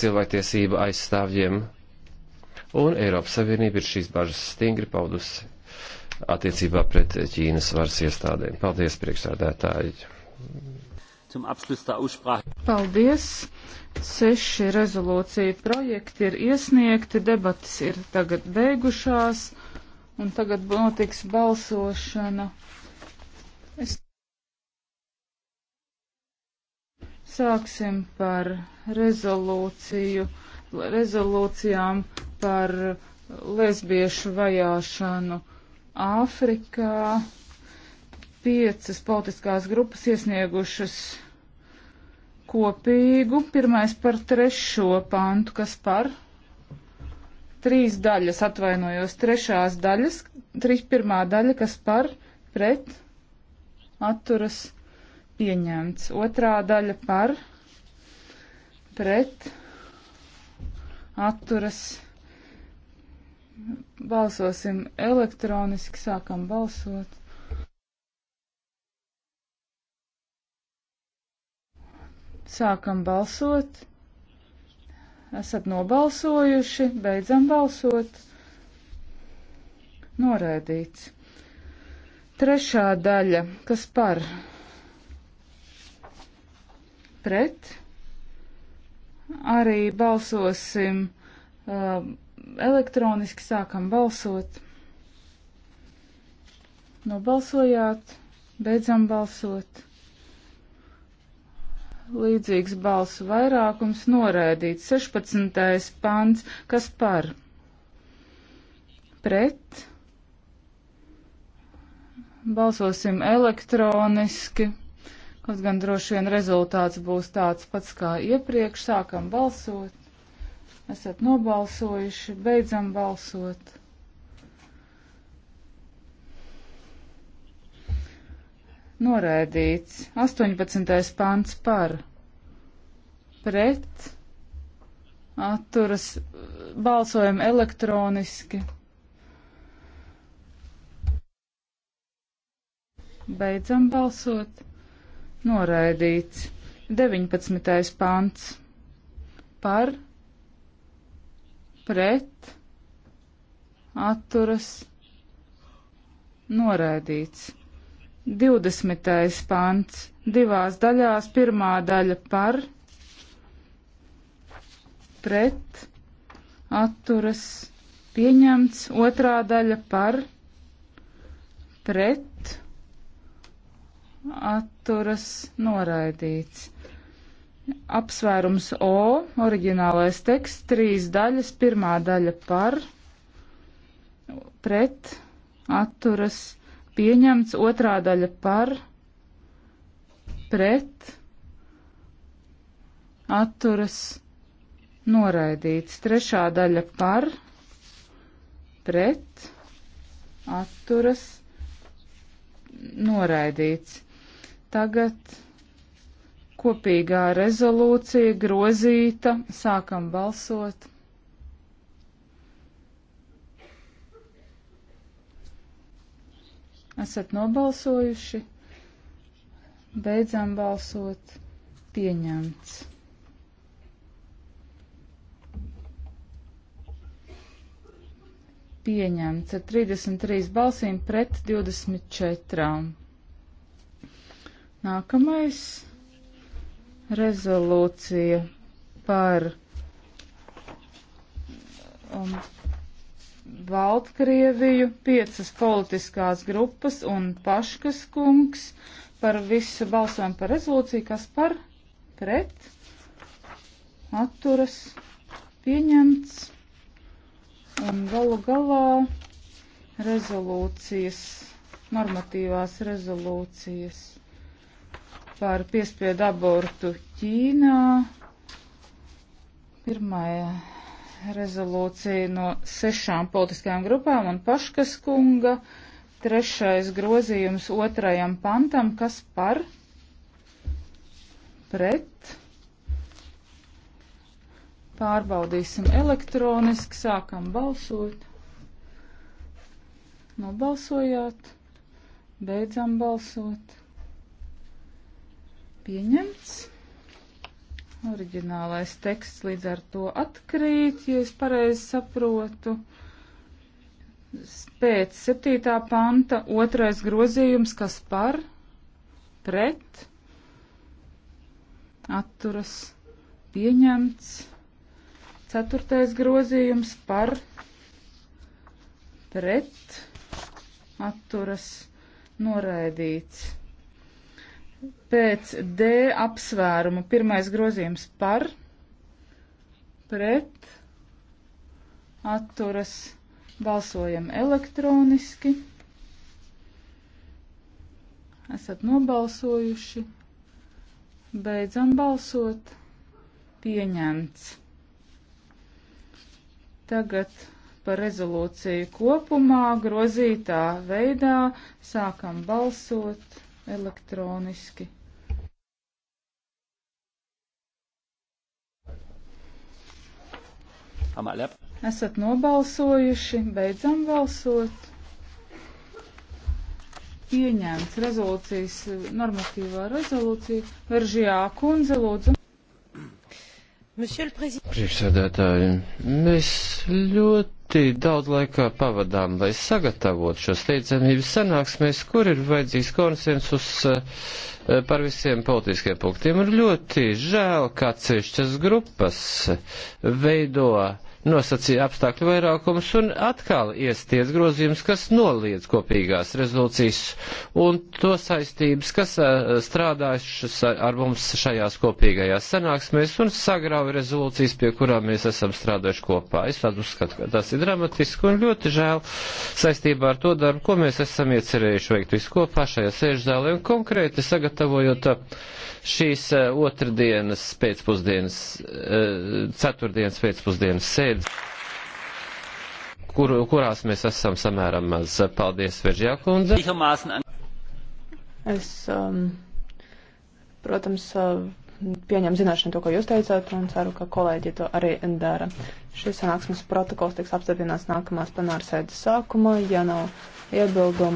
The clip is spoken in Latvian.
cilvēktiesība aizstāvjiem, un Eiropas Savienība ir šīs bažas stingri paudusi attiecībā pret Ķīnas varas iestādēm. Paldies, priekšsādētāji! Paldies! Seši rezolūcija projekti ir iesniegti, debatas ir tagad beigušās, un tagad notiks balsošana. Sāksim par rezolūciju, rezolūcijām par lesbiešu vajāšanu Āfrikā. Piecas politiskās grupas iesniegušas kopīgu. Pirmais par trešo pantu, kas par trīs daļas, atvainojos, trešās daļas, trīs pirmā daļa, kas par pret atturas pieņemts. Otrā daļa par pret atturas. Balsosim elektroniski, sākam balsot. Sākam balsot. Esat nobalsojuši, beidzam balsot. Noraidīts. Trešā daļa, kas par pret. Arī balsosim uh, elektroniski, sākam balsot. Nobalsojāt, beidzam balsot. Līdzīgs balsu vairākums norēdīts 16. pants, kas par pret. Balsosim elektroniski. Kaut gan droši vien rezultāts būs tāds pats kā iepriekš. Sākam balsot. Esat nobalsojuši. Beidzam balsot. Noraidīts. 18. pāns par. Pret. Atturas. Balsojam elektroniski. Beidzam balsot. Noraidīts. 19. pants. Par. Pret. Atturas. Noraidīts. 20. pants. Divās daļās. Pirmā daļa par. Pret. Atturas. Pieņemts. Otrā daļa par. Pret atturas noraidīts. Apsvērums O, oriģinālais teksts, trīs daļas, pirmā daļa par, pret, atturas, pieņemts, otrā daļa par, pret, atturas, noraidīts, trešā daļa par, pret, atturas, noraidīts. Tagad kopīgā rezolūcija grozīta. Sākam balsot. Esat nobalsojuši. Beidzam balsot. Pieņemts. Pieņemts ar 33 balsīm pret 24. Nākamais rezolūcija par um, Baltkrieviju, piecas politiskās grupas un paškas kungs par visu balsojumu par rezolūciju, kas par pret atturas pieņemts un galu galā rezolūcijas, normatīvās rezolūcijas par piespiedu abortu Ķīnā. Pirmā rezolūcija no sešām politiskajām grupām un paškas kunga. Trešais grozījums otrajam pantam, kas par pret. Pārbaudīsim elektroniski, sākam balsot. Nobalsojāt, beidzam balsot. Pieņemts. Oriģinālais teksts līdz ar to atkrīt, ja es pareizi saprotu. Pēc 7. panta otrais grozījums, kas par, pret, atturas, pieņemts. Ceturtais grozījums par, pret, atturas, noraidīts pēc D apsvērumu pirmais grozījums par, pret, atturas, balsojam elektroniski. Esat nobalsojuši, beidzam balsot, pieņemts. Tagad par rezolūciju kopumā grozītā veidā sākam balsot elektroniski. Esat nobalsojuši, beidzam balsot. Pieņēmts rezolūcijas, normatīvā rezolūcija. Veržijā kundze, lūdzu. Priekšsēdētāji, mēs ļoti ļoti daudz laika pavadām, lai sagatavotu šo steidzamības sanāksmēs, kur ir vajadzīgs konsensus eh, par visiem politiskiem punktiem. Ir ļoti žēl, ka atsevišķas grupas veido uh, nosacīja apstākļu vairākums un atkal iesties grozījums, kas noliedz kopīgās rezolūcijas un to saistības, kas strādājušas ar mums šajās kopīgajās sanāksmēs un sagrauja rezolūcijas, pie kurām mēs esam strādājuši kopā. Es tādu uzskatu, ka tas ir dramatiski un ļoti žēl saistībā ar to darbu, ko mēs esam iecerējuši veikt visu kopā šajā sēžzālē un konkrēti sagatavojot šīs otrdienas pēcpusdienas, ceturtdienas pēcpusdienas sēžzālē sēdes, kur, kurās mēs esam samērā maz. Paldies, Veržjā kundze. Es, um, protams, uh, pieņem zināšanu to, ko jūs teicāt, un ceru, ka kolēģi to arī dara. Šis sanāksmes protokols tiks apstiprināts nākamās plenārsēdes sākumā, ja nav iebildumu.